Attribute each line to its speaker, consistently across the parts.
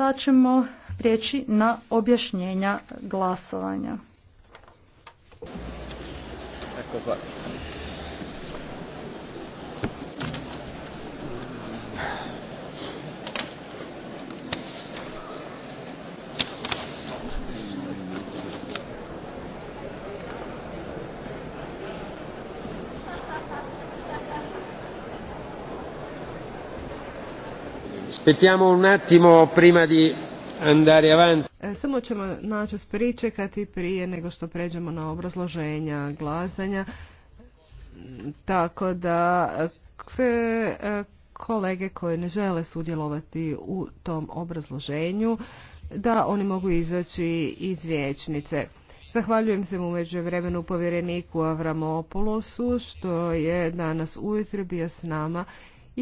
Speaker 1: Sad ćemo prijeći na objašnjenja glasovanja.
Speaker 2: Aspettiamo un attimo prima di andare avanti.
Speaker 3: E, samo ćemo načas pričekati prije nego što pređemo na obrazloženja glasanja. Tako da se e, kolege koje ne žele sudjelovati u tom obrazloženju da oni mogu izaći iz vijećnice. Zahvaljujem se mu među vremenu povjereniku Avramopolosu što je danas ujutro bio s nama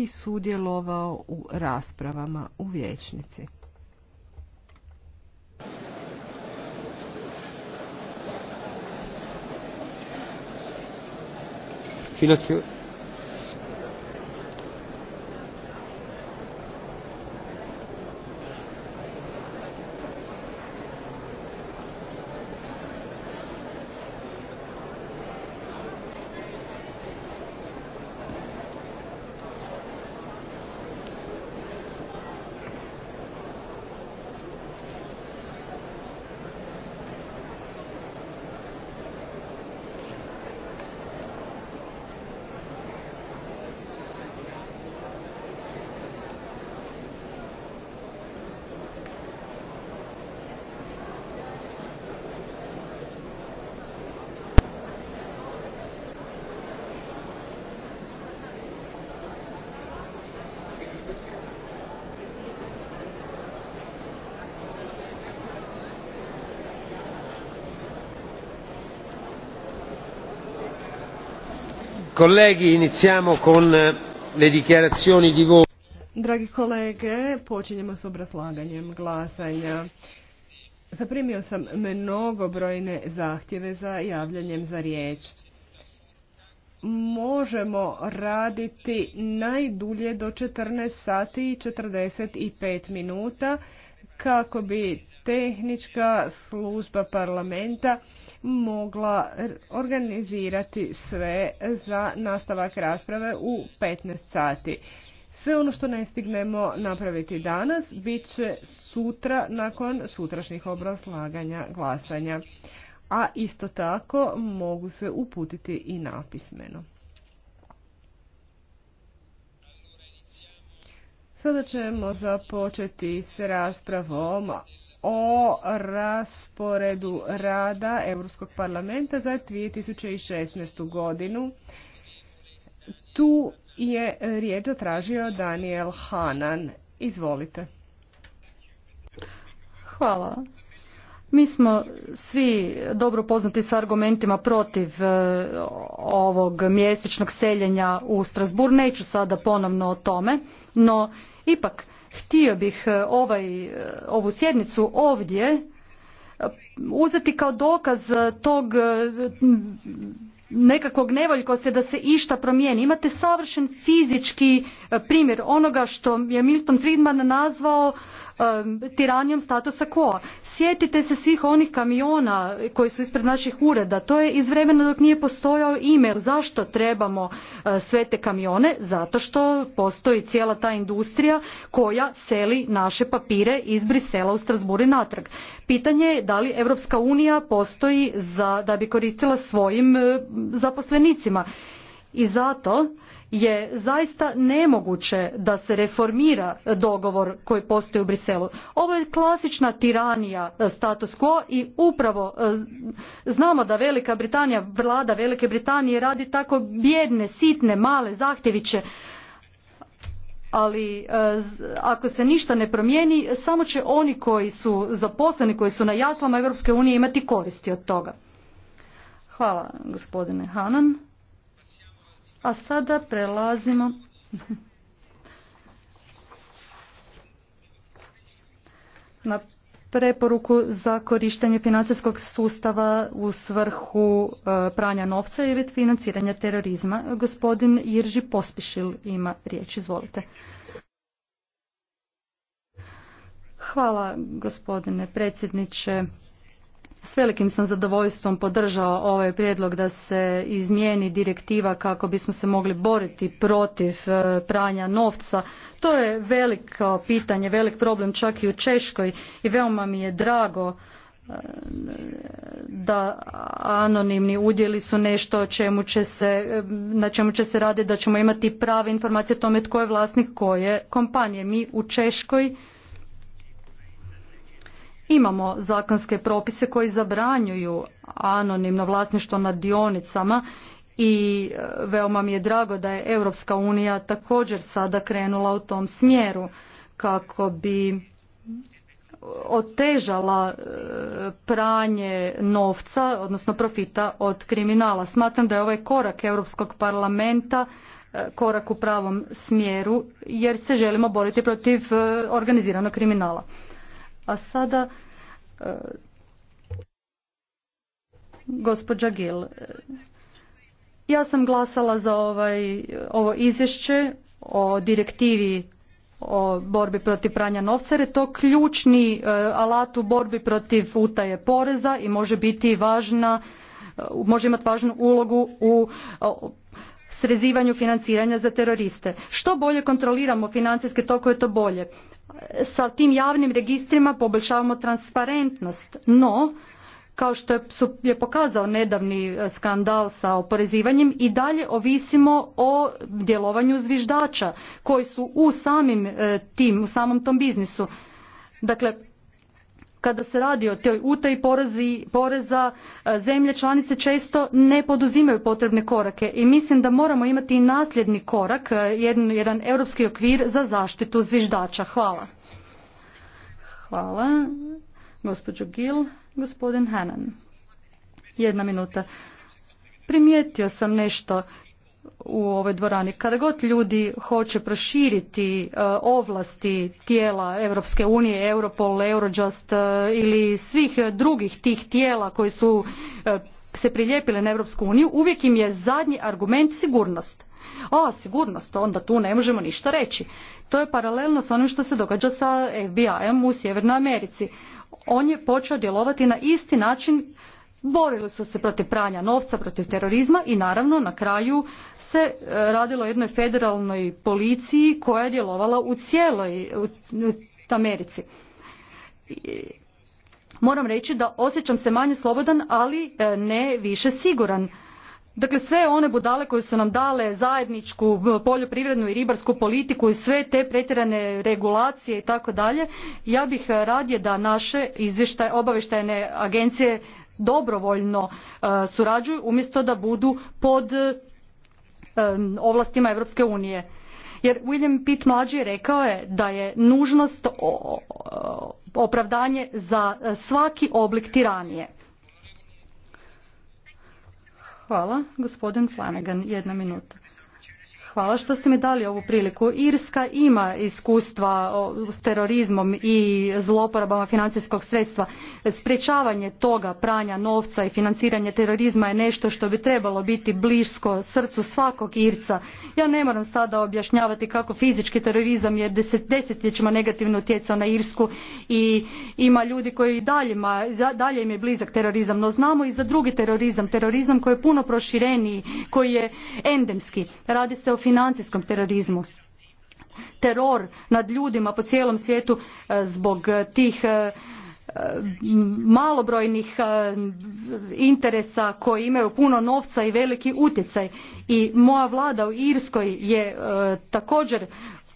Speaker 3: i sudjelovao u raspravama u vječnici.
Speaker 2: Kolegi, eh,
Speaker 3: Dragi kolege, počinjemo s obrazlaganjem glasanja. Zaprimio sam mnogobrojne zahtjeve za javljanjem za riječ. Možemo raditi najdulje do 14 sati i 45 minuta kako bi tehnička služba parlamenta mogla organizirati sve za nastavak rasprave u 15 sati. Sve ono što ne stignemo napraviti danas bit će sutra nakon sutrašnjih obrazlaganja glasanja. A isto tako mogu se uputiti i napismeno. Sada ćemo započeti s raspravom o rasporedu rada Europskog parlamenta za 2016. godinu. Tu je riječ tražio Daniel Hanan. Izvolite.
Speaker 1: Hvala. Mi smo svi dobro poznati sa argumentima protiv e, ovog mjesečnog seljenja u Strasbourg. Neću sada ponovno o tome, no ipak Htio bih e, ovaj, e, ovu sjednicu ovdje e, uzeti kao dokaz tog nekakvog nevoljkosti da se išta promijeni. Imate savršen fizički primjer onoga što je Milton Friedman nazvao Um, tiranijom statusa quo. Sjetite se svih onih kamiona koji su ispred naših ureda. To je iz vremena dok nije postojao e-mail. Zašto trebamo uh, sve te kamione? Zato što postoji cijela ta industrija koja seli naše papire iz Brisela u Strasburi natrag. Pitanje je da li Evropska unija postoji za, da bi koristila svojim uh, zaposlenicima. I zato je zaista nemoguće da se reformira dogovor koji postoji u Briselu. Ovo je klasična tiranija e, status quo i upravo e, znamo da Velika Britanija, vlada Velike Britanije radi tako bjedne, sitne, male zahtjeviće ali e, ako se ništa ne promijeni samo će oni koji su zaposleni koji su na jaslama Europske unije imati koristi od toga. Hvala gospodine Hanan. A sada prelazimo na preporuku za korištenje financijskog sustava u svrhu e, pranja novca ili financiranja terorizma. Gospodin Irži Pospišil ima riječ. Izvolite. Hvala gospodine predsjedniče. S velikim sam zadovoljstvom podržao ovaj prijedlog da se izmijeni direktiva kako bismo se mogli boriti protiv e, pranja novca. To je veliko pitanje, velik problem čak i u Češkoj i veoma mi je drago e, da anonimni udjeli su nešto čemu će se, e, na čemu će se raditi, da ćemo imati prave informacije o tome tko je vlasnik koje kompanije. Mi u Češkoj Imamo zakonske propise koji zabranjuju anonimno vlasništvo nad dionicama i e, veoma mi je drago da je Europska unija također sada krenula u tom smjeru kako bi otežala e, pranje novca, odnosno profita od kriminala. Smatram da je ovaj korak Europskog parlamenta e, korak u pravom smjeru jer se želimo boriti protiv organiziranog kriminala. A sada e, gospođa Gil. Ja sam glasala za ovaj, ovo izvješće o direktivi o borbi protiv pranja novca jer je to ključni e, alat u borbi protiv utaje poreza i može biti važna, e, može imati važnu ulogu u srezivanju financiranja za teroriste. Što bolje kontroliramo financijske tokove, to bolje sa tim javnim registrima poboljšavamo transparentnost, no kao što je pokazao nedavni e, skandal sa oporezivanjem i dalje ovisimo o djelovanju zviždača koji su u samim e, tim, u samom tom biznisu. Dakle, kada se radi o toj utaji poreza e, zemlje članice često ne poduzimaju potrebne korake i mislim da moramo imati i nasljedni korak e, jedan, jedan europski okvir za zaštitu zviždača hvala hvala gospođo Gil gospodin Hanan jedna minuta primijetio sam nešto u ovoj dvorani. Kada god ljudi hoće proširiti e, ovlasti tijela Europske unije, Europol, Eurojust e, ili svih drugih tih tijela koji su e, se prilijepile na Europsku uniju, uvijek im je zadnji argument sigurnost. A, sigurnost, onda tu ne možemo ništa reći. To je paralelno s onim što se događa sa FBI-em u Sjevernoj Americi. On je počeo djelovati na isti način borili su se protiv pranja novca, protiv terorizma i naravno na kraju se e, radilo o jednoj federalnoj policiji koja je djelovala u cijeloj u, Americi. Moram reći da osjećam se manje slobodan, ali e, ne više siguran. Dakle, sve one budale koje su nam dale zajedničku poljoprivrednu i ribarsku politiku i sve te pretjerane regulacije i tako dalje, ja bih e, radije da naše obaveštajne obavještajne agencije dobrovoljno e, surađuju umjesto da budu pod e, ovlastima Europske unije. Jer William Pitt mlađi rekao je da je nužnost opravdanje za svaki oblik tiranije. Hvala. Gospodin Flanagan, jedna minuta. Hvala što ste mi dali ovu priliku. Irska ima iskustva s terorizmom i zloporabama financijskog sredstva. Sprečavanje toga pranja novca i financiranje terorizma je nešto što bi trebalo biti blisko srcu svakog Irca. Ja ne moram sada objašnjavati kako fizički terorizam je desetljećima negativno utjecao na Irsku i ima ljudi koji i dalje, dalje im je blizak terorizam, no znamo i za drugi terorizam, terorizam koji je puno prošireniji, koji je endemski. Radi se o financijskom terorizmu teror nad ljudima po cijelom svijetu e, zbog tih e, e, malobrojnih interesa koji imaju puno novca i veliki utjecaj i moja vlada u Irskoj je također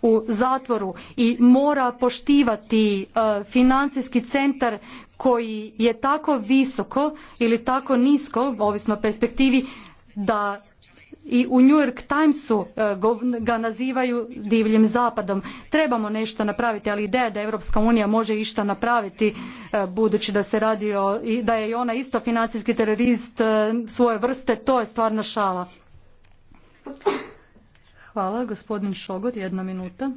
Speaker 1: u zatvoru i mora poštivati financijski centar koji je tako visoko ili tako nisko ovisno o perspektivi da i u New York Timesu e, ga nazivaju divljim zapadom. Trebamo nešto napraviti, ali ideja da Europska unija može išta napraviti, e, budući da se radi o, da je i ona isto financijski terorist e, svoje vrste, to je stvarno šala. Hvala, gospodin Šogor, jedna minuta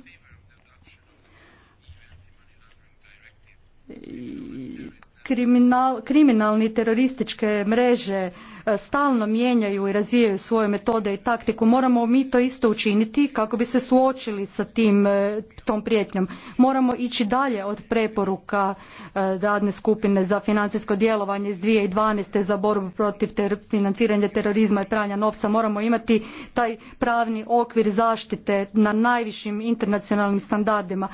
Speaker 1: kriminal, kriminalni terorističke mreže e, stalno mijenjaju i razvijaju svoje metode i taktiku moramo mi to isto učiniti kako bi se suočili sa tim e, tom prijetnjom moramo ići dalje od preporuka e, radne skupine za financijsko djelovanje iz 2012. za borbu protiv financiranja terorizma i pranja novca moramo imati taj pravni okvir zaštite na najvišim internacionalnim standardima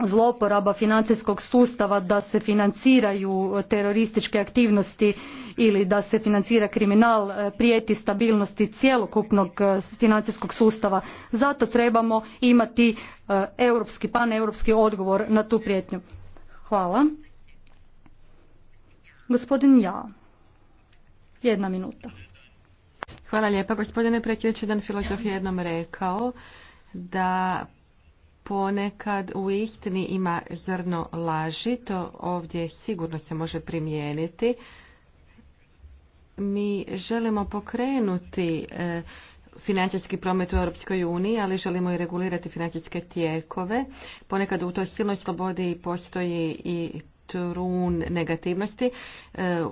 Speaker 1: zloporaba financijskog sustava da se financiraju terorističke aktivnosti ili da se financira kriminal e, prijeti stabilnosti cjelokupnog e, financijskog sustava. Zato trebamo imati e, europski, paneuropski odgovor na tu prijetnju. Hvala. Gospodin Ja. Jedna minuta. Hvala
Speaker 4: lijepa. Gospodine predsjedniče Dan filozof jednom rekao da ponekad u istini ima zrno laži, to ovdje sigurno se može primijeniti. Mi želimo pokrenuti e, financijski promet u Europskoj uniji, ali želimo i regulirati financijske tijekove. Ponekad u toj silnoj slobodi postoji i trun negativnosti. E,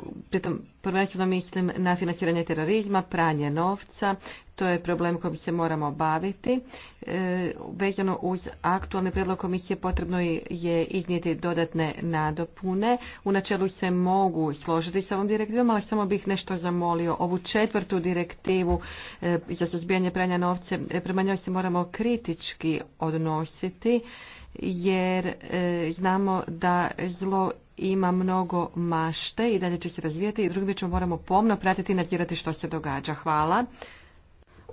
Speaker 4: prvenstveno mislim na financiranje terorizma, pranje novca, to je problem kojim se moramo baviti. E, vezano uz aktualni predlog komisije potrebno je iznijeti dodatne nadopune. U načelu se mogu složiti sa ovom direktivom, ali samo bih nešto zamolio. Ovu četvrtu direktivu e, za suzbijanje pranja novce, e, prema njoj se moramo kritički odnositi jer znamo da zlo ima mnogo mašte i dalje će se razvijati i drugim ćemo moramo pomno pratiti i nadzirati što se događa. Hvala.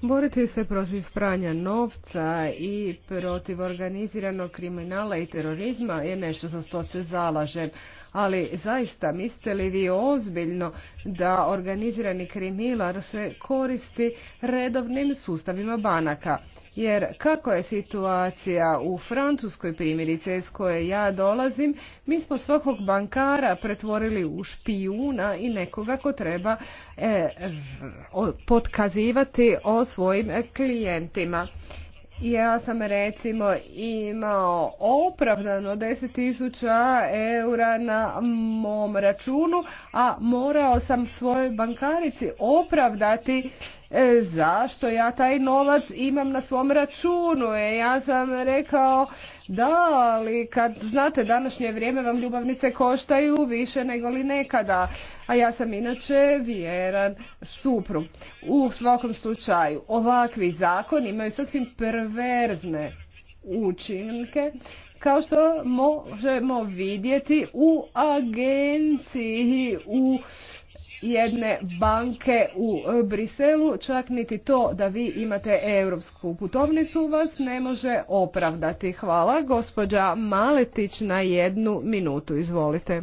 Speaker 1: Boriti
Speaker 3: se protiv pranja novca i protiv organiziranog kriminala i terorizma je nešto za što se zalažem. Ali zaista mislite li vi ozbiljno da organizirani kriminal se koristi redovnim sustavima banaka? Jer kako je situacija u Francuskoj primjerice iz koje ja dolazim, mi smo svakog bankara pretvorili u špijuna i nekoga ko treba e, potkazivati o svojim klijentima. Ja sam recimo imao opravdano 10.000 eura na mom računu, a morao sam svojoj bankarici opravdati E, zašto ja taj novac imam na svom računu. E, ja sam rekao da, ali kad znate današnje vrijeme vam ljubavnice koštaju više nego li nekada. A ja sam inače vjeran suprug. U svakom slučaju ovakvi zakon imaju sasvim perverzne učinke kao što možemo vidjeti u agenciji u jedne banke u e, Briselu, čak niti to da vi imate europsku putovnicu vas ne može opravdati. Hvala. Gospođa Maletić na jednu minutu, izvolite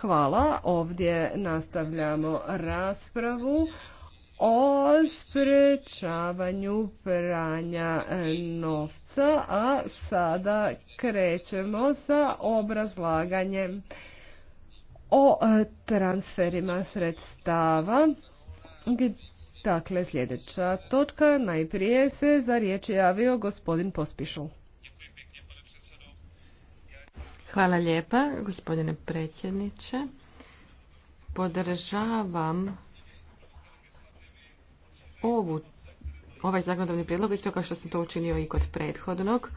Speaker 3: Hvala. Ovdje nastavljamo raspravu o sprečavanju pranja e, novca, a sada krećemo sa obrazlaganjem o e, transferima sredstava. Dakle, sljedeća točka. Najprije se za riječ javio gospodin Pospišul. Hvala lijepa, gospodine
Speaker 4: predsjedniče. Podržavam ovu, ovaj zakonodavni prijedlog, isto kao što sam to učinio i kod prethodnog.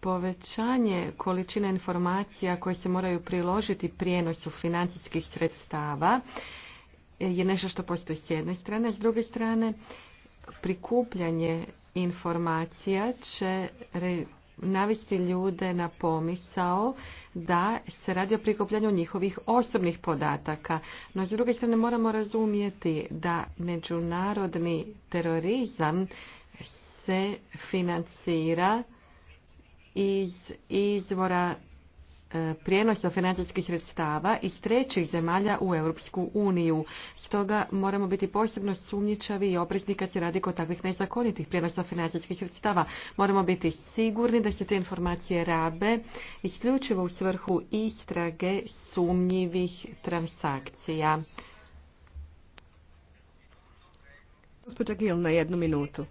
Speaker 4: Povećanje količine informacija koje se moraju priložiti prijenosu financijskih sredstava je nešto što postoji s jedne strane, s druge strane prikupljanje informacija će navesti ljude na pomisao da se radi o prikupljanju njihovih osobnih podataka. No, s druge strane moramo razumijeti da međunarodni terorizam se financira iz izvora E, prijenosa financijskih sredstava iz trećih zemalja u Europsku uniju. Stoga moramo biti posebno sumnjičavi i oprezni kad se radi kod takvih nezakonitih prijenosa financijskih sredstava. Moramo biti sigurni da se te informacije rabe isključivo u svrhu istrage sumnjivih transakcija. na jednu minutu.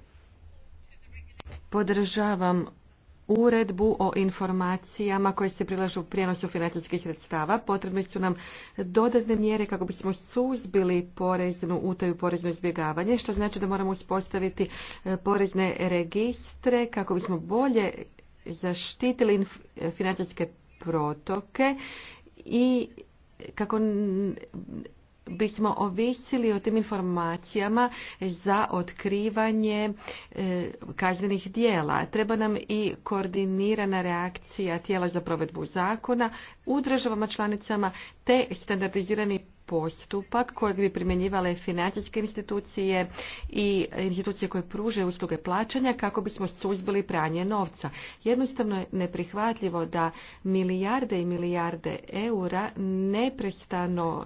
Speaker 4: Podržavam uredbu o informacijama koje se prilažu prijenosu financijskih sredstava. Potrebne su nam dodatne mjere kako bismo suzbili poreznu utaju, porezno izbjegavanje, što znači da moramo uspostaviti e, porezne registre kako bismo bolje zaštitili e, financijske protoke i kako bismo ovisili o tim informacijama za otkrivanje e, kaznenih dijela. Treba nam i koordinirana reakcija tijela za provedbu zakona u državama članicama te standardizirani postupak kojeg bi primjenjivale financijske institucije i institucije koje pruže usluge plaćanja kako bismo suzbili pranje novca. Jednostavno je neprihvatljivo da milijarde i milijarde eura neprestano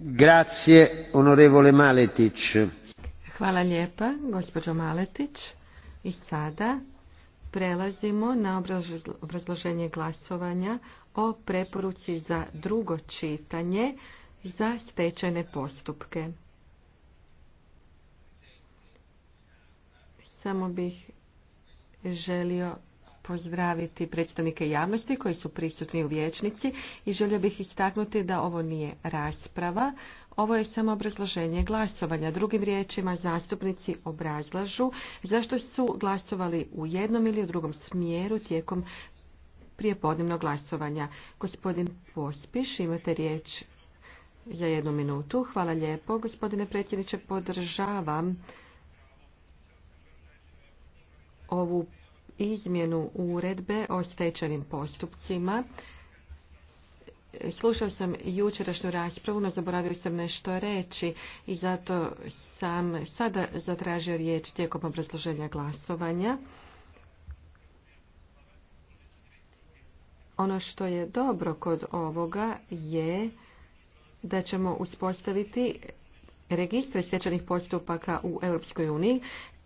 Speaker 2: Grazie, onorevole Maletić.
Speaker 4: Hvala lijepa, gospođo Maletić. I sada prelazimo na obrazloženje glasovanja o preporuci za drugo čitanje za stečajne postupke. Samo bih želio pozdraviti predstavnike javnosti koji su prisutni u vječnici i želio bih istaknuti da ovo nije rasprava, ovo je samo obrazloženje glasovanja. Drugim riječima zastupnici obrazlažu zašto su glasovali u jednom ili u drugom smjeru tijekom prije prijepodnevnog glasovanja. Gospodin Pospiš, imate riječ za jednu minutu. Hvala lijepo, gospodine predsjedniče, podržavam ovu izmjenu uredbe o stečajnim postupcima. Slušao sam jučerašnju raspravu, no zaboravio sam nešto reći i zato sam sada zatražio riječ tijekom obrazloženja glasovanja. Ono što je dobro kod ovoga je da ćemo uspostaviti registre stečajnih postupaka u Europskoj uniji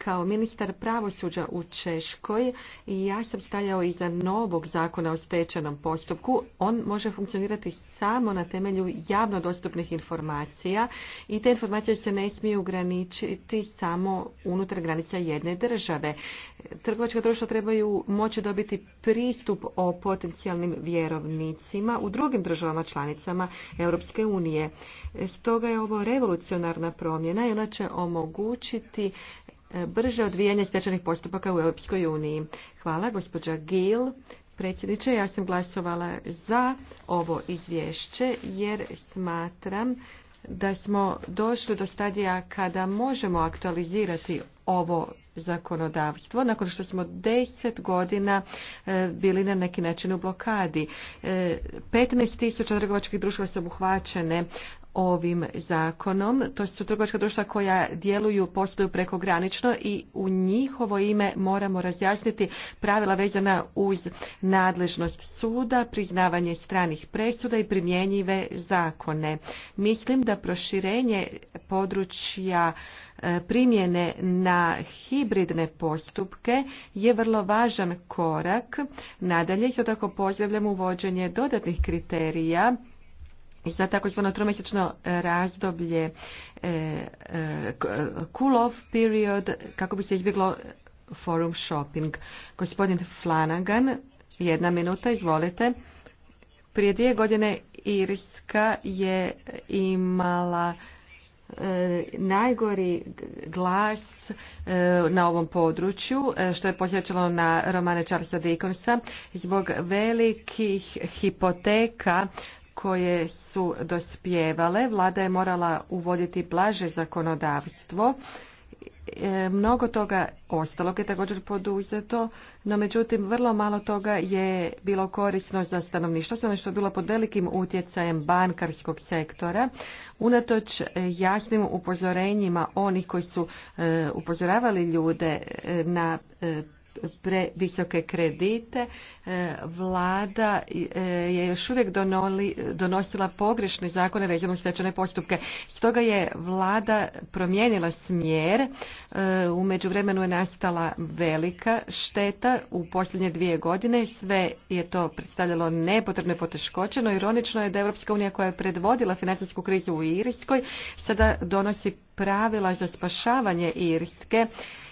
Speaker 4: kao ministar pravosuđa u Češkoj i ja sam stajao iza novog zakona o stečajnom postupku. On može funkcionirati samo na temelju javno dostupnih informacija i te informacije se ne smiju ograničiti samo unutar granica jedne države. Trgovačka društva trebaju moći dobiti pristup o potencijalnim vjerovnicima u drugim državama članicama Europske unije. Stoga je ovo revolucionarna promjena i ona će omogućiti brže odvijanje stečajnih postupaka u Europskoj uniji. Hvala, gospođa Gil. Predsjedniče, ja sam glasovala za ovo izvješće jer smatram da smo došli do stadija kada možemo aktualizirati ovo zakonodavstvo nakon što smo deset godina e, bili na neki način u blokadi. 15.000 e, tisuća trgovačkih društva su obuhvaćene ovim zakonom. To su trgovačka društva koja djeluju, posluju prekogranično i u njihovo ime moramo razjasniti pravila vezana uz nadležnost suda, priznavanje stranih presuda i primjenjive zakone. Mislim da proširenje područja e, primjene na hibridne postupke je vrlo važan korak. Nadalje, isto tako pozdravljam uvođenje dodatnih kriterija za takozvano tromjesečno e, razdoblje e, e, cool-off period kako bi se izbjeglo forum shopping. Gospodin Flanagan, jedna minuta, izvolite. Prije dvije godine Irska je imala najgori glas na ovom području, što je posjećalo na romane Charlesa Dickonsa, zbog velikih hipoteka koje su dospjevale. Vlada je morala uvoditi blaže zakonodavstvo. E, mnogo toga ostalog je također poduzeto, no međutim vrlo malo toga je bilo korisno za stanovništvo, samo ono što je bilo pod velikim utjecajem bankarskog sektora. Unatoč jasnim upozorenjima onih koji su e, upozoravali ljude e, na previsoke kredite. E, vlada e, je još uvijek donosila pogrešne zakone vezano stečajne postupke. Stoga je vlada promijenila smjer. E, u međuvremenu je nastala velika šteta u posljednje dvije godine. Sve je to predstavljalo nepotrebne poteškoće, no ironično je da Europska unija koja je predvodila financijsku krizu u Irskoj sada donosi pravila za spašavanje Irske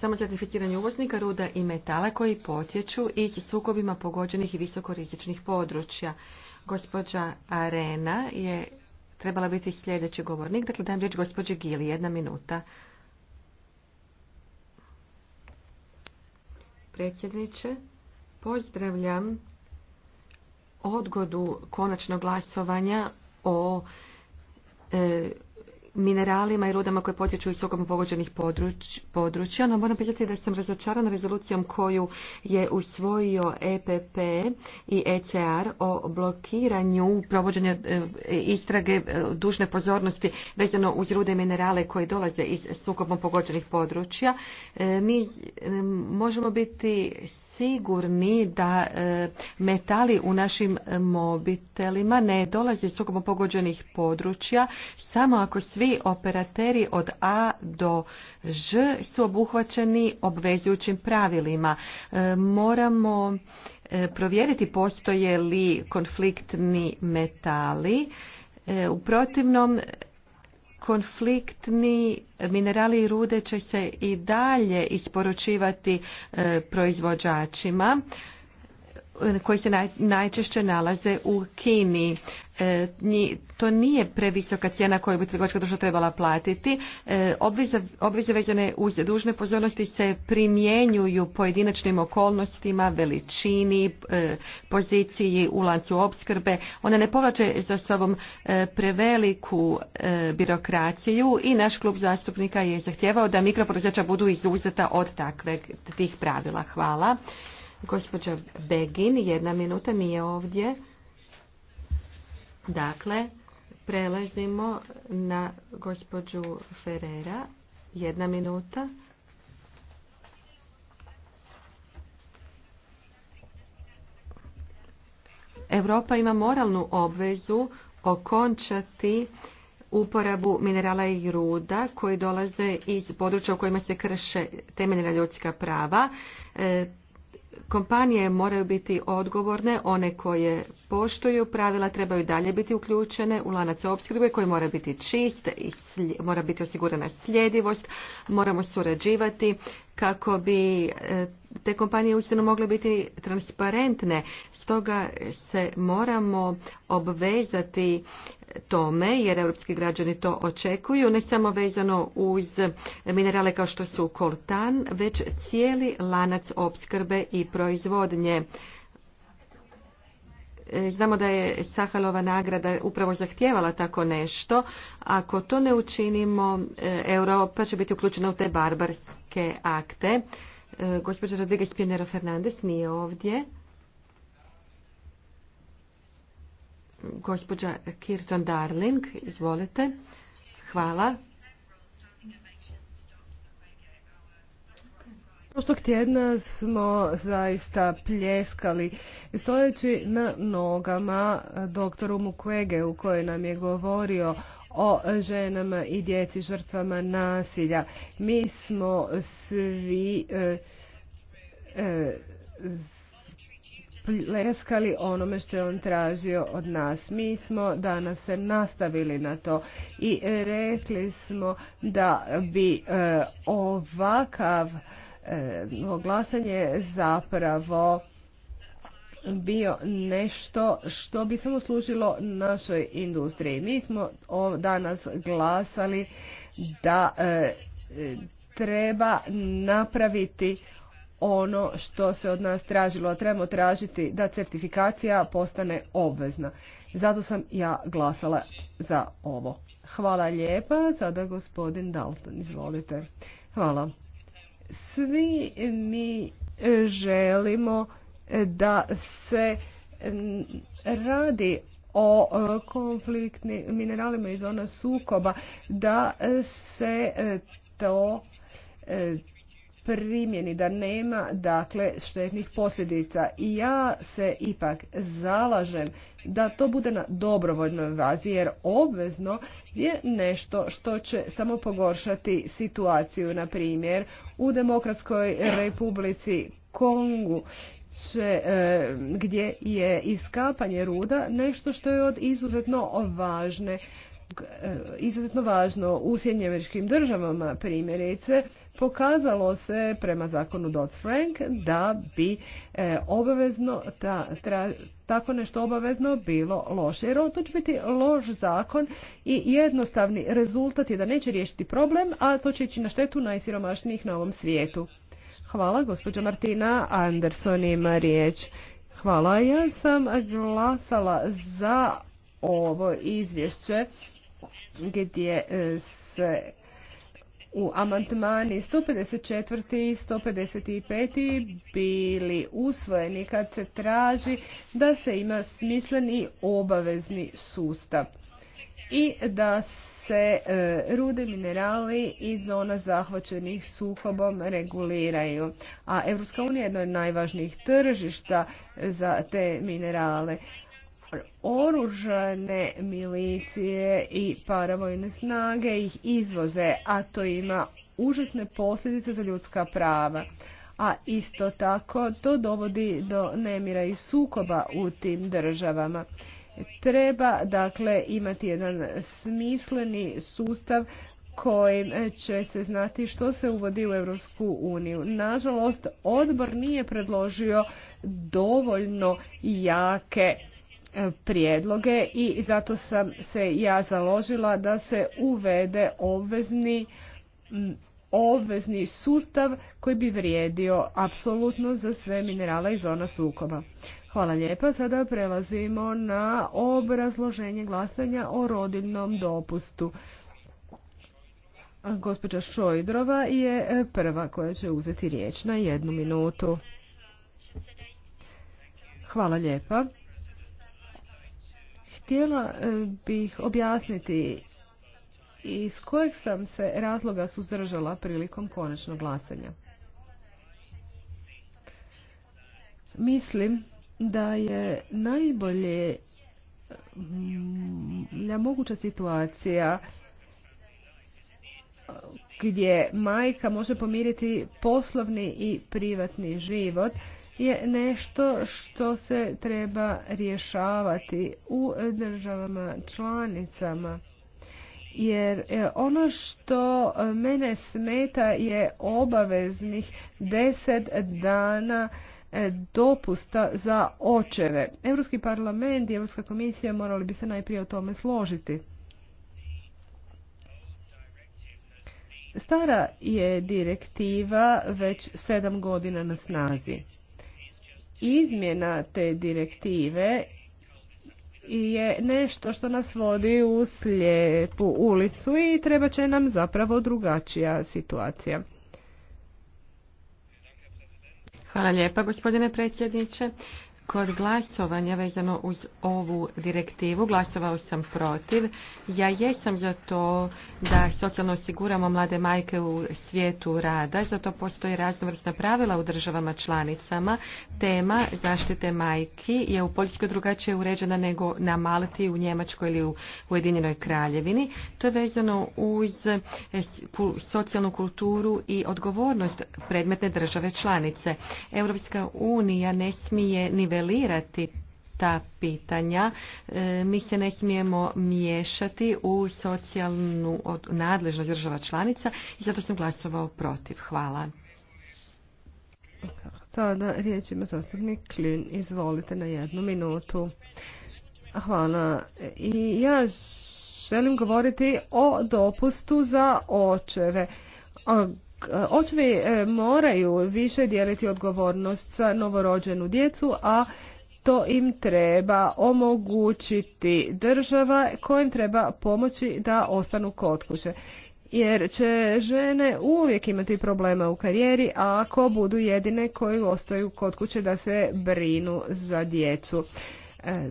Speaker 4: samo certificiranje uvoznika ruda i metala koji potječu iz sukobima pogođenih i visokorizičnih područja. Gospođa Arena je trebala biti sljedeći govornik, dakle dajem riječ gospođe Gili, jedna minuta. Predsjedniče, pozdravljam odgodu konačnog glasovanja o e, mineralima i rudama koje potječu iz sukobu pogođenih područja, no moram pitati da sam razočarana rezolucijom koju je usvojio EPP i ECR o blokiranju provođenja e, istrage e, dužne pozornosti vezano uz rude i minerale koji dolaze iz sukobom pogođenih područja. E, mi možemo biti sigurni da e, metali u našim mobitelima ne dolaze iz sukobom pogođenih područja samo ako svi operateri od A do Ž su obuhvaćeni obvezujućim pravilima. E, moramo e, provjeriti postoje li konfliktni metali. U protivnom konfliktni minerali i rude će se i dalje isporučivati e, proizvođačima koji se najčešće nalaze u Kini. E, to nije previsoka cijena koju bi trgovačka društva trebala platiti. E, obveze vezane uz dužne pozornosti se primjenjuju pojedinačnim okolnostima, veličini, e, poziciji u lancu opskrbe. One ne povlače za sobom preveliku birokraciju i naš klub zastupnika je zahtjevao da mikropoduzeća budu izuzeta od takve tih pravila. Hvala. Gospođa Begin, jedna minuta nije ovdje. Dakle, prelazimo na gospođu Ferrera. Jedna minuta. Europa ima moralnu obvezu okončati uporabu minerala i ruda koji dolaze iz područja u kojima se krše temeljna ljudska prava. E, Kompanije moraju biti odgovorne, one koje poštuju pravila trebaju dalje biti uključene u lanac opskrbe koji mora biti čist, i mora biti osigurana sljedivost, moramo surađivati kako bi e, te kompanije uistinu mogle biti transparentne. Stoga se moramo obvezati tome, jer europski građani to očekuju, ne samo vezano uz minerale kao što su koltan, već cijeli lanac opskrbe i proizvodnje. E, znamo da je Sahalova nagrada upravo zahtijevala tako nešto. Ako to ne učinimo, e, Europa će biti uključena u te barbarske akte. E, gospođa Rodriguez Pinero Fernandez nije ovdje. Gospođa Kirtan
Speaker 3: Darling, izvolite. Hvala. Prošlog tjedna smo zaista pljeskali stojeći na nogama doktoru Mukwege u kojoj nam je govorio o ženama i djeci žrtvama nasilja. Mi smo svi eh, eh, pleskali onome što je on tražio od nas. Mi smo danas se nastavili na to i rekli smo da bi e, ovakav e, glasanje zapravo bio nešto što bi samo služilo našoj industriji. Mi smo danas glasali da e, treba napraviti ono što se od nas tražilo. Trebamo tražiti da certifikacija postane obvezna. Zato sam ja glasala za ovo. Hvala lijepa. Sada gospodin Dalton, izvolite. Hvala. Svi mi e, želimo e, da se radi o e, konfliktnim mineralima iz zona sukoba, da se to primjeni, da nema dakle štetnih posljedica. I ja se ipak zalažem da to bude na dobrovoljnoj vazi jer obvezno je nešto što će samo pogoršati situaciju. Na primjer, u Demokratskoj republici Kongu će, e, gdje je iskapanje ruda nešto što je od izuzetno važne e, izuzetno važno u Sjednjeveričkim državama primjerice Pokazalo se prema zakonu Dodd-Frank da bi e, obavezno ta, tako nešto obavezno bilo loše. Jer to će biti loš zakon i jednostavni rezultat je da neće riješiti problem, a to će ići na štetu najsiromašnijih na ovom svijetu. Hvala, gospođa Martina Anderson ima riječ. Hvala, ja sam glasala za ovo izvješće gdje e, se u amantmani 154. i 155. bili usvojeni kad se traži da se ima smisleni obavezni sustav i da se e, rude minerali i zona zahvaćenih sukobom reguliraju. A EU je jedno od najvažnijih tržišta za te minerale. Dakle, oružane milicije i paravojne snage ih izvoze, a to ima užasne posljedice za ljudska prava. A isto tako to dovodi do nemira i sukoba u tim državama. Treba dakle imati jedan smisleni sustav koji će se znati što se uvodi u Europsku uniju. Nažalost, odbor nije predložio dovoljno jake E, prijedloge i zato sam se ja založila da se uvede obvezni obvezni sustav koji bi vrijedio apsolutno za sve minerala i zona sukoba. Hvala lijepa. Sada prelazimo na obrazloženje glasanja o rodiljnom dopustu. Gospođa Šojdrova je e, prva koja će uzeti riječ na jednu minutu. Hvala lijepa. Htjela e, bih objasniti iz kojeg sam se razloga suzdržala prilikom konačnog glasanja. Mislim da je najbolje mm, moguća situacija e, gdje majka može pomiriti poslovni i privatni život je nešto što se treba rješavati u državama članicama. Jer e, ono što e, mene smeta je obaveznih deset dana e, dopusta za očeve. Europski parlament i Europska komisija morali bi se najprije o tome složiti. Stara je direktiva već sedam godina na snazi izmjena te direktive je nešto što nas vodi u slijepu ulicu i treba će nam zapravo drugačija situacija.
Speaker 4: Hvala lijepa gospodine predsjedniče. Kod glasovanja vezano uz ovu direktivu glasovao sam protiv. Ja jesam za to da socijalno osiguramo mlade majke u svijetu rada, zato postoje raznovrsna pravila u državama članicama. Tema zaštite majki je u Poljskoj drugačije uređena nego na Malti, u Njemačkoj ili u Ujedinjenoj Kraljevini. To je vezano uz eh, socijalnu kulturu i odgovornost predmetne države članice. Europska unija ne smije ni nivelirati ta pitanja. E, mi se ne smijemo miješati u socijalnu nadležnost država članica i zato sam glasovao
Speaker 3: protiv. Hvala. Sada riječ ima zastupnik Klin. Izvolite na jednu minutu. Hvala. I ja želim govoriti o dopustu za očeve. Očevi e, moraju više dijeliti odgovornost sa novorođenu djecu, a to im treba omogućiti država kojim treba pomoći da ostanu kod kuće. Jer će žene uvijek imati problema u karijeri, ako budu jedine koji ostaju kod kuće da se brinu za djecu. E,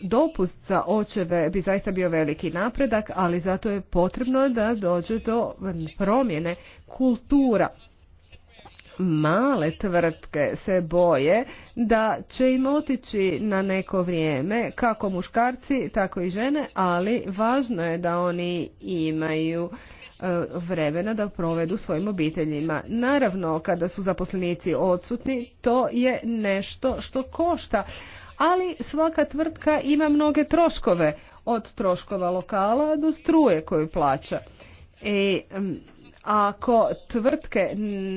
Speaker 3: dopust za očeve bi zaista bio veliki napredak, ali zato je potrebno da dođe do promjene kultura. Male tvrtke se boje da će im otići na neko vrijeme kako muškarci, tako i žene, ali važno je da oni imaju e, vremena da provedu svojim obiteljima. Naravno, kada su zaposlenici odsutni, to je nešto što košta, ali svaka tvrtka ima mnoge troškove, od troškova lokala do struje koju plaća. I e, ako tvrtke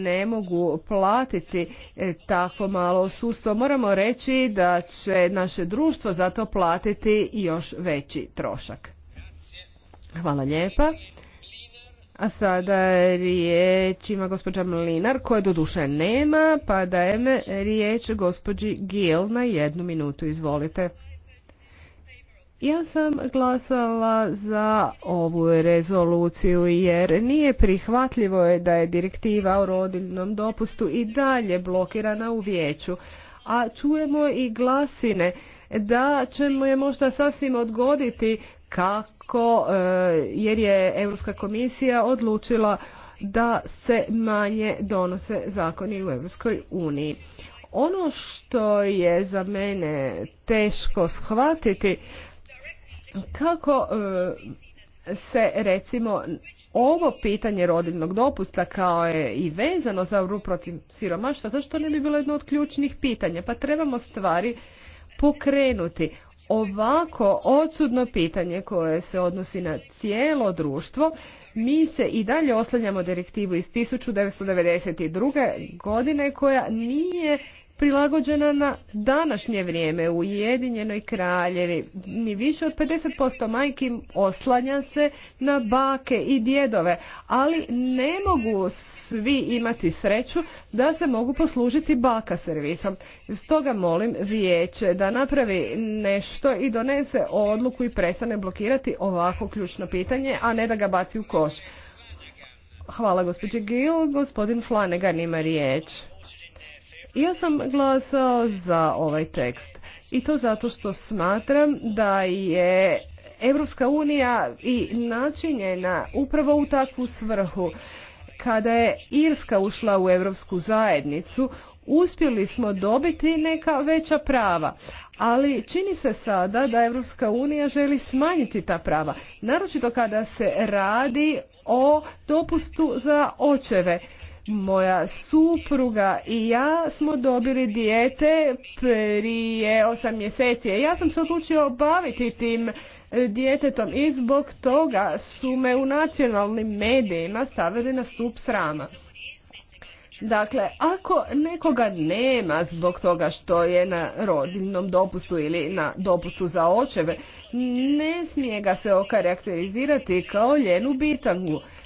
Speaker 3: ne mogu platiti e, tako malo sustvo, moramo reći da će naše društvo zato platiti još veći trošak. Hvala lijepa. A sada riječ ima gospođa Mlinar, koje doduše nema, pa dajem riječ gospođi Gil na jednu minutu. Izvolite. Ja sam glasala za ovu rezoluciju jer nije prihvatljivo je da je direktiva o rodiljnom dopustu i dalje blokirana u vijeću. A čujemo i glasine da ćemo je možda sasvim odgoditi kako e, jer je Europska komisija odlučila da se manje donose zakoni u Europskoj uniji. Ono što je za mene teško shvatiti kako e, se recimo ovo pitanje rodiljnog dopusta kao je i vezano za protiv siromaštva, zašto ne bi bilo jedno od ključnih pitanja? Pa trebamo stvari pokrenuti. Ovako odsudno pitanje koje se odnosi na cijelo društvo, mi se i dalje oslanjamo direktivu iz 1992. godine koja nije prilagođena na današnje vrijeme u Jedinjenoj kraljevi. Ni više od 50% majki oslanja se na bake i djedove, ali ne mogu svi imati sreću da se mogu poslužiti baka servisom. Stoga molim vijeće da napravi nešto i donese odluku i prestane blokirati ovako ključno pitanje, a ne da ga baci u koš. Hvala gospođe Gil, gospodin Flanagan ima riječ. Ja sam glasao za ovaj tekst i to zato što smatram da je Evropska unija i načinjena upravo u takvu svrhu. Kada je Irska ušla u Europsku zajednicu, uspjeli smo dobiti neka veća prava, ali čini se sada da Evropska unija želi smanjiti ta prava, naročito kada se radi o dopustu za očeve moja supruga i ja smo dobili dijete prije osam mjeseci. E, ja sam se odlučio baviti tim e, djetetom i zbog toga su me u nacionalnim medijima stavili na stup srama. Dakle, ako nekoga nema zbog toga što je na rodinnom dopustu ili na dopustu za očeve, ne smije ga se okarakterizirati kao ljenu bitangu.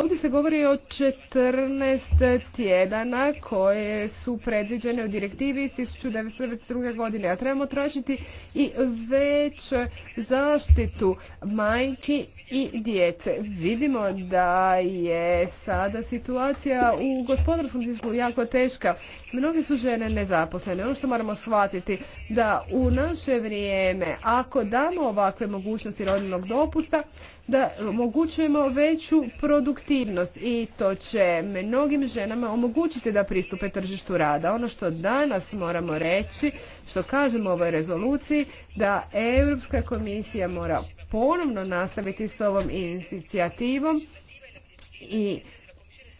Speaker 3: Ovdje se govori o 14 tjedana koje su predviđene u direktivi iz 1992. godine, a trebamo tražiti i već zaštitu majki i djece. Vidimo da je sada situacija u gospodarskom smislu jako teška. Mnogi su žene nezaposlene. Ono što moramo shvatiti da u naše vrijeme ako damo ovakve mogućnosti rodinog dopusta, da omogućujemo veću produktivnost i to će mnogim ženama omogućiti da pristupe tržištu rada. Ono što danas moramo reći, što kažemo u ovoj rezoluciji, da Europska komisija mora ponovno nastaviti s ovom inicijativom i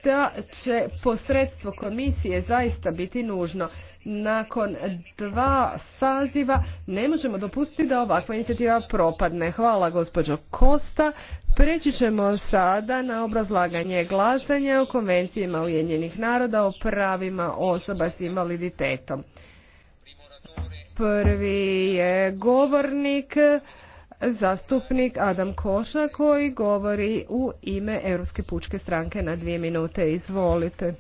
Speaker 3: da će posredstvo komisije zaista biti nužno. Nakon dva saziva ne možemo dopustiti da ovakva inicijativa propadne. Hvala gospođo Kosta. Preći ćemo sada na obrazlaganje glasanja o konvencijima Ujedinjenih naroda o pravima osoba s invaliditetom. Prvi je govornik zastupnik Adam Koša koji govori u ime Europske pučke stranke na dvije minute. Izvolite.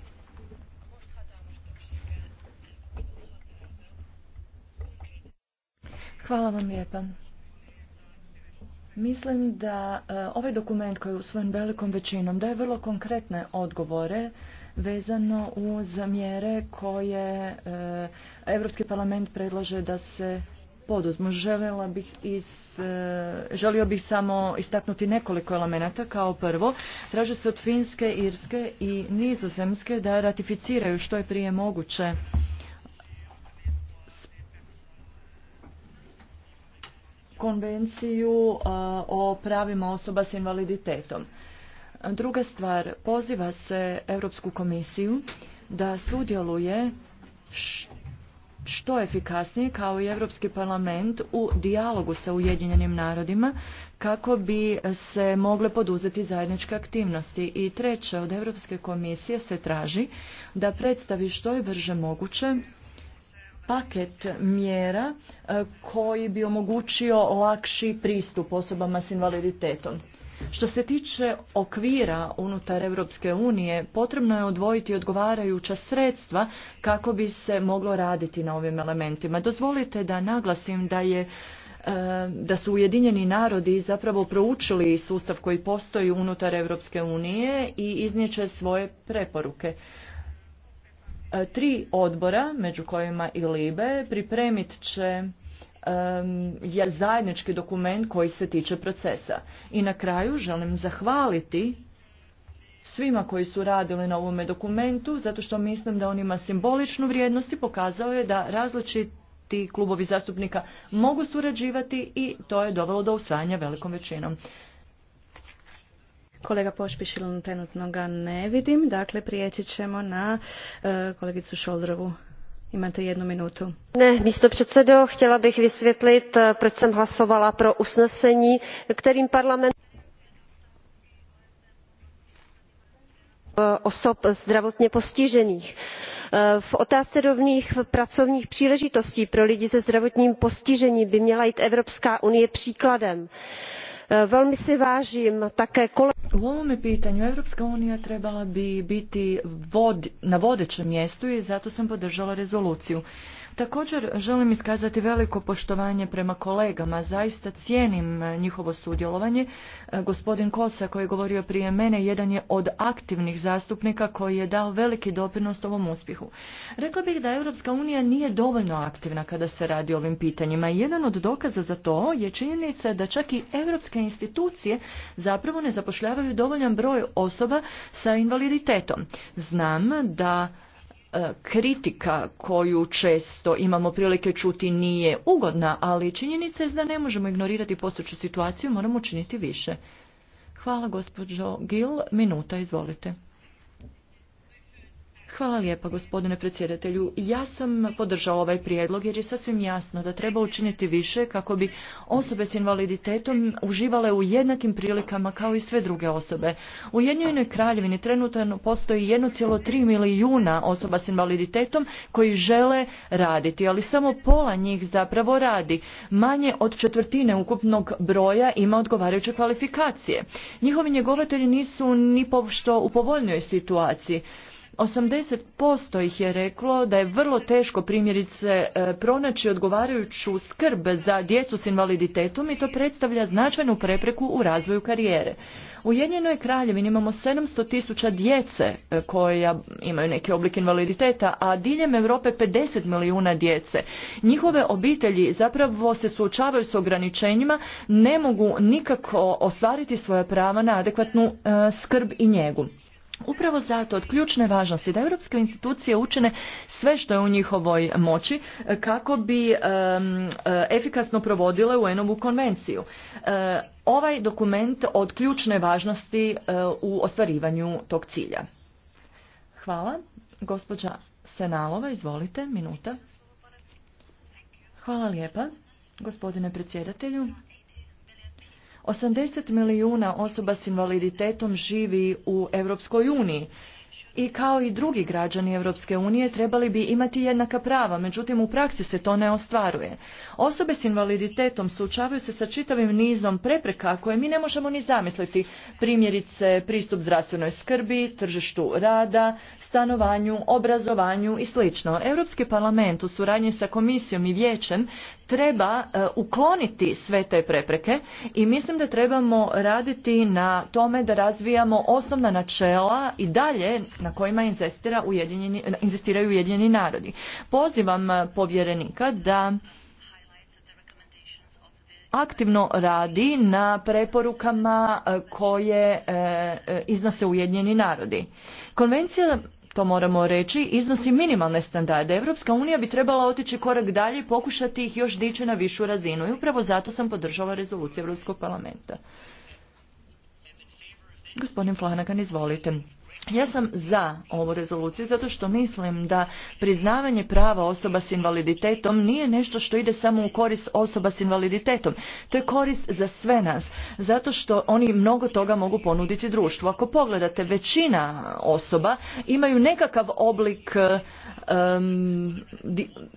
Speaker 5: Hvala vam lijepa. Mislim da e, ovaj dokument koji je usvojen velikom većinom daje vrlo konkretne odgovore vezano uz mjere koje e, Europski parlament predlaže da se poduzmu. bih e, želio bih samo istaknuti nekoliko elemenata. Kao prvo, traže se od Finske, Irske i Nizozemske da ratificiraju što je prije moguće konvenciju e, o pravima osoba s invaliditetom. Druga stvar, poziva se Europsku komisiju da sudjeluje što efikasnije kao i Europski parlament u dijalogu sa Ujedinjenim narodima kako bi se mogle poduzeti zajedničke aktivnosti. I treće, od Europske komisije se traži da predstavi što je brže moguće paket mjera e, koji bi omogućio lakši pristup osobama s invaliditetom. Što se tiče okvira unutar Europske unije, potrebno je odvojiti odgovarajuća sredstva kako bi se moglo raditi na ovim elementima. Dozvolite da naglasim da je e, da su Ujedinjeni narodi zapravo proučili sustav koji postoji unutar Europske unije i će svoje preporuke. E, tri odbora, među kojima i Libe, pripremit će je zajednički dokument koji se tiče procesa. I na kraju želim zahvaliti svima koji su radili na ovome dokumentu, zato što mislim da on ima simboličnu vrijednost i pokazao je da različiti klubovi zastupnika mogu surađivati i to je dovelo do usvajanja velikom većinom.
Speaker 6: Kolega Pošpišil, trenutno ga ne vidim, dakle prijeći ćemo na eh, kolegicu Šoldrovu pane jednu minutu.
Speaker 5: chtěla bych vysvětlit, eh, proč jsem hlasovala pro usnesení, kterým
Speaker 6: parlament eh, osob zdravotně postižených. Eh, v otázce rovných pracovních příležitostí pro
Speaker 5: lidi se zdravotním postižením by měla jít evropská unie příkladem. E, velmi si také U ovome pitanju Europska unija trebala bi biti na vodećem mjestu i zato sam podržala rezoluciju. Također želim iskazati veliko poštovanje prema kolegama. Zaista cijenim e, njihovo sudjelovanje. E, gospodin Kosa koji je govorio prije mene jedan je od aktivnih zastupnika koji je dao veliki doprinos ovom uspjehu. Rekla bih da Europska unija nije dovoljno aktivna kada se radi o ovim pitanjima. Jedan od dokaza za to je činjenica da čak i europske institucije zapravo ne zapošljavaju dovoljan broj osoba sa invaliditetom. Znam da E, kritika koju često imamo prilike čuti nije ugodna, ali činjenica je da ne možemo ignorirati postojeću situaciju, moramo činiti više. Hvala gospođo Gil, minuta, izvolite. Hvala lijepa gospodine predsjedatelju. Ja sam podržao ovaj prijedlog jer je sasvim jasno da treba učiniti više kako bi osobe s invaliditetom uživale u jednakim prilikama kao i sve druge osobe. U Jednjojnoj kraljevini trenutno postoji 1,3 milijuna osoba s invaliditetom koji žele raditi, ali samo pola njih zapravo radi. Manje od četvrtine ukupnog broja ima odgovarajuće kvalifikacije. Njihovi njegovatelji nisu ni pošto u povoljnoj situaciji. 80% ih je reklo da je vrlo teško primjerice e, pronaći odgovarajuću skrb za djecu s invaliditetom i to predstavlja značajnu prepreku u razvoju karijere. U Jednjenoj kraljevini imamo 700 tisuća djece e, koja imaju neki oblik invaliditeta, a diljem Europe 50 milijuna djece. Njihove obitelji zapravo se suočavaju s ograničenjima, ne mogu nikako ostvariti svoja prava na adekvatnu e, skrb i njegu. Upravo zato od ključne važnosti da europske institucije učine sve što je u njihovoj moći e, kako bi e, efikasno provodile u ovu konvenciju. E, ovaj dokument od ključne važnosti u ostvarivanju tog cilja. Hvala. Gospođa Senalova, izvolite, minuta. Hvala lijepa, gospodine predsjedatelju. 80 milijuna osoba s invaliditetom živi u Europskoj uniji i kao i drugi građani Europske unije trebali bi imati jednaka prava, međutim u praksi se to ne ostvaruje. Osobe s invaliditetom suočavaju se sa čitavim nizom prepreka koje mi ne možemo ni zamisliti, primjerice pristup zdravstvenoj skrbi, tržištu rada, stanovanju, obrazovanju i sl. Europski parlament u suradnji sa komisijom i vijećem treba e, ukloniti sve te prepreke i mislim da trebamo raditi na tome da razvijamo osnovna načela i dalje na na kojima inzistira ujedinjeni, inzistiraju Ujedinjeni narodi. Pozivam eh, povjerenika da aktivno radi na preporukama eh, koje eh, iznose Ujedinjeni narodi. Konvencija to moramo reći, iznosi minimalne standarde. Evropska unija bi trebala otići korak dalje i pokušati ih još dići na višu razinu i upravo zato sam podržala rezoluciju Europskog parlamenta. Gospodin Flanagan, izvolite. Ja sam za ovu rezoluciju zato što mislim da priznavanje prava osoba s invaliditetom nije nešto što ide samo u korist osoba s invaliditetom. To je korist za sve nas, zato što oni mnogo toga mogu ponuditi društvu. Ako pogledate, većina osoba imaju nekakav oblik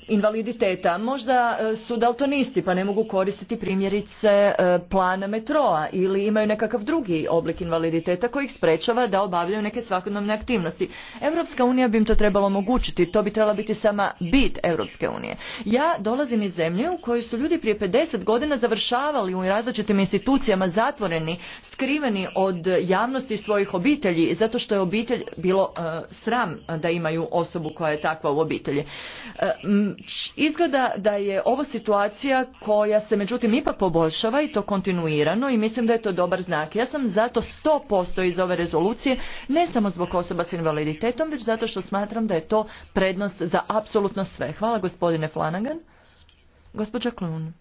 Speaker 5: invaliditeta. Možda e, su daltonisti pa ne mogu koristiti primjerice e, plana metroa ili imaju nekakav drugi oblik invaliditeta koji ih sprečava da obavljaju neke zakonodavne aktivnosti. Europska unija bi im to trebala omogućiti, to bi trebala biti sama bit Europske unije. Ja dolazim iz zemlje u kojoj su ljudi prije 50 godina završavali u različitim institucijama zatvoreni, skriveni od javnosti svojih obitelji, zato što je obitelj bilo e, sram da imaju osobu koja je takva u obitelji. E, izgleda da je ovo situacija koja se međutim ipak poboljšava i to kontinuirano i mislim da je to dobar znak. Ja sam zato 100% iz ove rezolucije, ne samo zbog osoba s invaliditetom, već zato što smatram da je to prednost za apsolutno sve. Hvala gospodine Flanagan. Gospođa Klun.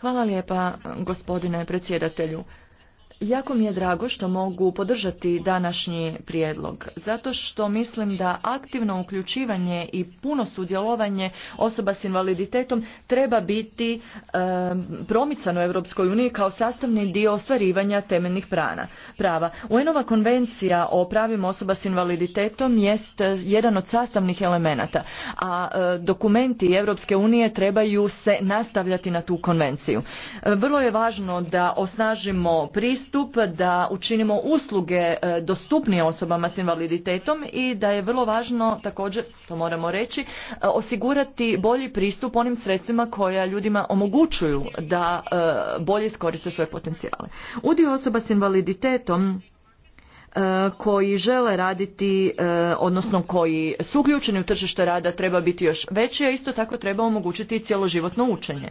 Speaker 5: Hvala lijepa gospodine predsjedatelju. Jako mi je drago što mogu podržati današnji prijedlog, zato što mislim da aktivno uključivanje i puno sudjelovanje osoba s invaliditetom treba biti e, promicano u Europskoj uniji kao sastavni dio ostvarivanja temeljnih prana, prava. UN-ova konvencija o pravima osoba s invaliditetom jest jedan od sastavnih elemenata, a e, dokumenti Europske unije trebaju se nastavljati na tu konvenciju. E, vrlo je važno da osnažimo pristup pristup, da učinimo usluge e, dostupnije osobama s invaliditetom i da je vrlo važno također, to moramo reći, e, osigurati bolji pristup onim sredstvima koja ljudima omogućuju da e, bolje iskoriste svoje potencijale. Udio osoba s invaliditetom koji žele raditi, odnosno koji su uključeni u tržište rada treba biti još veći, a isto tako treba omogućiti i cjeloživotno učenje.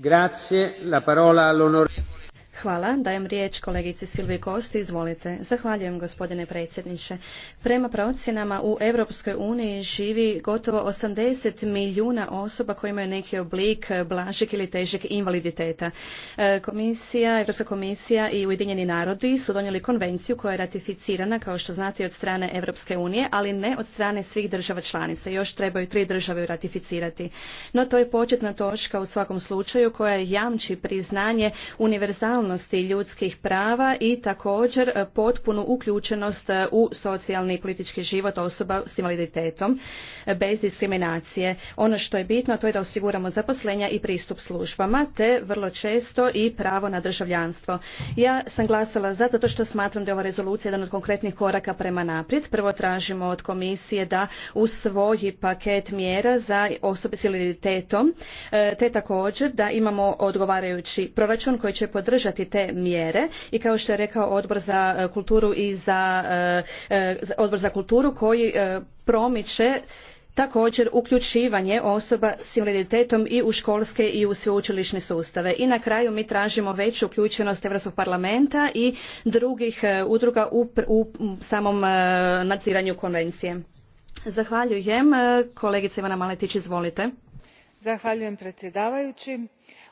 Speaker 2: Grazie, la parola
Speaker 6: Hvala. Dajem riječ kolegici Silvi Kosti. Izvolite. Zahvaljujem gospodine predsjedniče. Prema procjenama u Europskoj uniji živi gotovo 80 milijuna osoba koje imaju neki oblik blažeg ili težeg invaliditeta. E, komisija, Europska komisija i Ujedinjeni narodi su donijeli konvenciju koja je ratificirana kao što znate od strane Europske unije, ali ne od strane svih država članica. Još trebaju tri države ratificirati. No to je početna točka u svakom slučaju koja jamči priznanje univerzalnosti i ljudskih prava i također e, potpunu uključenost e, u socijalni i politički život osoba s invaliditetom e, bez diskriminacije. Ono što je bitno to je da osiguramo zaposlenja i pristup službama te vrlo često i pravo na državljanstvo. Ja sam glasala za zato što smatram da je ova rezolucija jedan od konkretnih koraka prema naprijed. Prvo tražimo od komisije da usvoji paket mjera za osobe s invaliditetom te također da imamo odgovarajući proračun koji će podržati te mjere i kao što je rekao odbor za e, kulturu i e, e, za odbor za kulturu koji promiče također uključivanje osoba s invaliditetom i u školske i u sveučilišne sustave. I na kraju mi tražimo veću uključenost Europskog parlamenta i drugih udruga u, samom nadziranju konvencije. Zahvaljujem. Kolegica Ivana Maletić, izvolite.
Speaker 7: Zahvaljujem predsjedavajući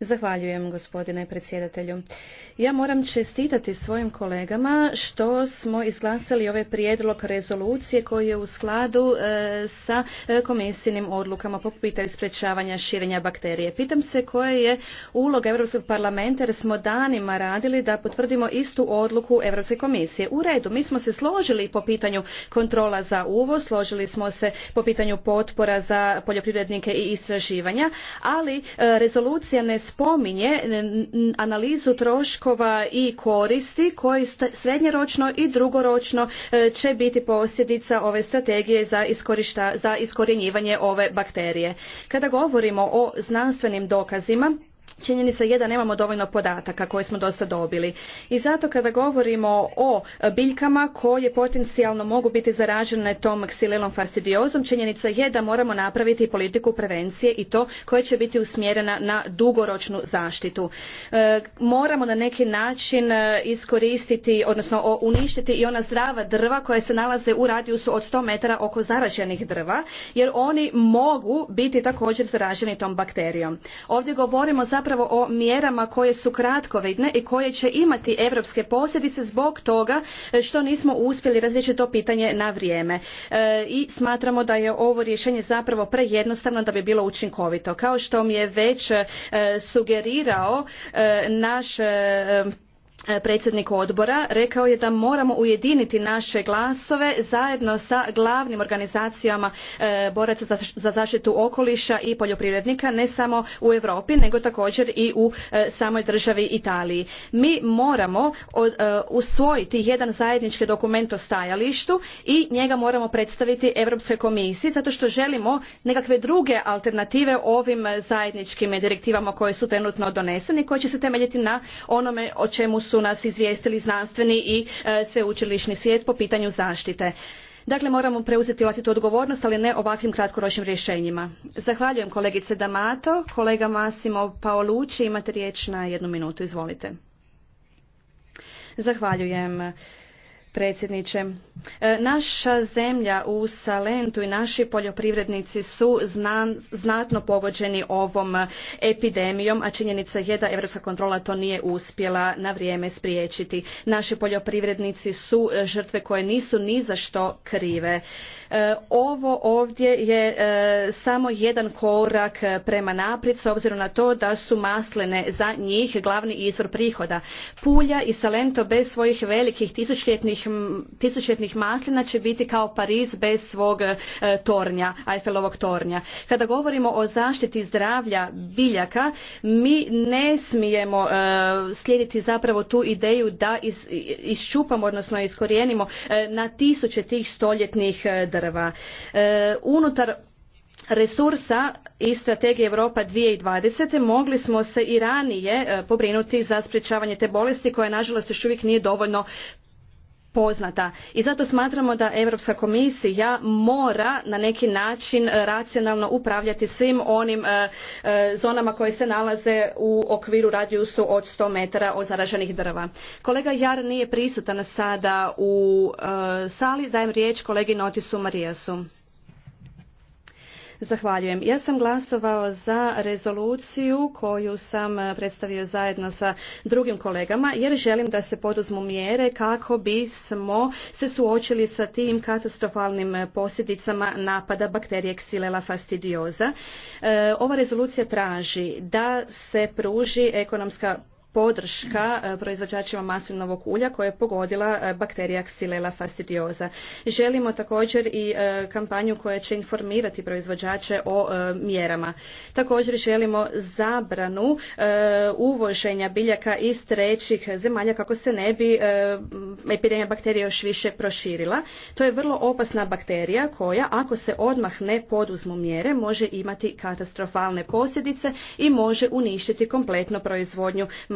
Speaker 6: Zahvaljujem gospodine predsjedatelju. Ja moram čestitati svojim kolegama što smo izglasali ovaj prijedlog rezolucije koji je u skladu e, sa e, komisijnim odlukama po pitanju sprečavanja širenja bakterije. Pitam se koja je uloga Europskog parlamenta jer smo danima radili da potvrdimo istu odluku Europske komisije. U redu, mi smo se složili po pitanju kontrola za uvoz, složili smo se po pitanju potpora za poljoprivrednike i istraživanja, ali e, rezolucija ne spominje analizu troškova i koristi koji srednjeročno i dugoročno e, će biti posljedica ove strategije za, za iskorjenjivanje ove bakterije. Kada govorimo o znanstvenim dokazima, Činjenica je da nemamo dovoljno podataka koje smo do dobili. I zato kada govorimo o biljkama koje potencijalno mogu biti zaražene tom ksilelom fastidiozom, činjenica je da moramo napraviti politiku prevencije i to koja će biti usmjerena na dugoročnu zaštitu. E, moramo na neki način e, iskoristiti, odnosno uništiti i ona zdrava drva koja se nalaze u radijusu od 100 metara oko zaraženih drva, jer oni mogu biti također zaraženi tom bakterijom. Ovdje govorimo zapravo zapravo o mjerama koje su kratkovidne i koje će imati europske posljedice zbog toga e, što nismo uspjeli razriješiti to pitanje na vrijeme. E, I smatramo da je ovo rješenje zapravo prejednostavno da bi bilo učinkovito. Kao što mi je već e, sugerirao naš E, predsjednik odbora rekao je da moramo ujediniti naše glasove zajedno sa glavnim organizacijama e, boraca za zaštitu okoliša i poljoprivrednika ne samo u europi nego također i u e, samoj državi italiji. mi moramo usvojiti jedan zajednički dokument o stajalištu i njega moramo predstaviti europskoj komisiji zato što želimo nekakve druge alternative ovim zajedničkim direktivama koje su trenutno donesene i koje će se temeljiti na onome o čemu su nas izvijestili znanstveni i e, sveučilišni svijet po pitanju zaštite. Dakle, moramo preuzeti vlastitu odgovornost, ali ne ovakvim kratkoročnim rješenjima. Zahvaljujem kolegice Damato. Kolega Massimo Paolucci, imate riječ na jednu minutu. Izvolite. Zahvaljujem predsjedniče. E, naša zemlja u Salentu i naši poljoprivrednici su znatno pogođeni ovom epidemijom, a činjenica je da Europska kontrola to nije uspjela na vrijeme spriječiti. Naši poljoprivrednici su žrtve koje nisu ni za što krive. E, ovo ovdje je e, samo jedan korak prema naprijed s obzirom na to da su maslene za njih glavni izvor prihoda. Pulja i Salento bez svojih velikih tisućljetnih tisućnih, tisućetnih maslina će biti kao Pariz bez svog e, tornja, Eiffelovog tornja. Kada govorimo o zaštiti zdravlja biljaka, mi ne smijemo e, slijediti zapravo tu ideju da iz, iščupamo, odnosno iskorijenimo e, na tisuće tih stoljetnih drva. Unutar resursa i strategije Europa 2020. mogli smo se i ranije pobrinuti za sprječavanje te bolesti koja nažalost još uvijek nije dovoljno poznata i zato smatramo da europska komisija mora na neki način e, racionalno upravljati svim onim e, e, zonama koje se nalaze u okviru radijusu od sto metara od zaraženih drva. Kolega Jar nije prisutan sada u sali, dajem riječ kolegi Notisu Marijasu. Zahvaljujem. Ja sam glasovao za rezoluciju koju sam predstavio zajedno sa drugim kolegama jer želim da se poduzmu mjere kako bismo se suočili sa tim katastrofalnim posljedicama napada bakterije Xylella fastidiosa. E, ova rezolucija traži da se pruži ekonomska podrška e, proizvođačima maslinovog ulja koje je pogodila e, bakterija Xylella fastidiosa. Želimo također i e, kampanju koja će informirati proizvođače o mjerama. Također želimo zabranu uvoženja biljaka iz trećih zemalja kako se ne bi epidemija bakterije još više proširila. To je vrlo opasna bakterija koja ako se odmah ne poduzmu mjere može imati katastrofalne posljedice i može uništiti kompletno proizvodnju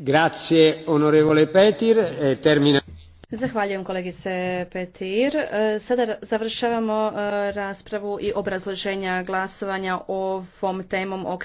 Speaker 2: Grazie, onorevole Petir. E,
Speaker 6: Zahvaljujem kolegice Petir. E, sada završavamo e, raspravu i obrazloženja glasovanja o ovom temom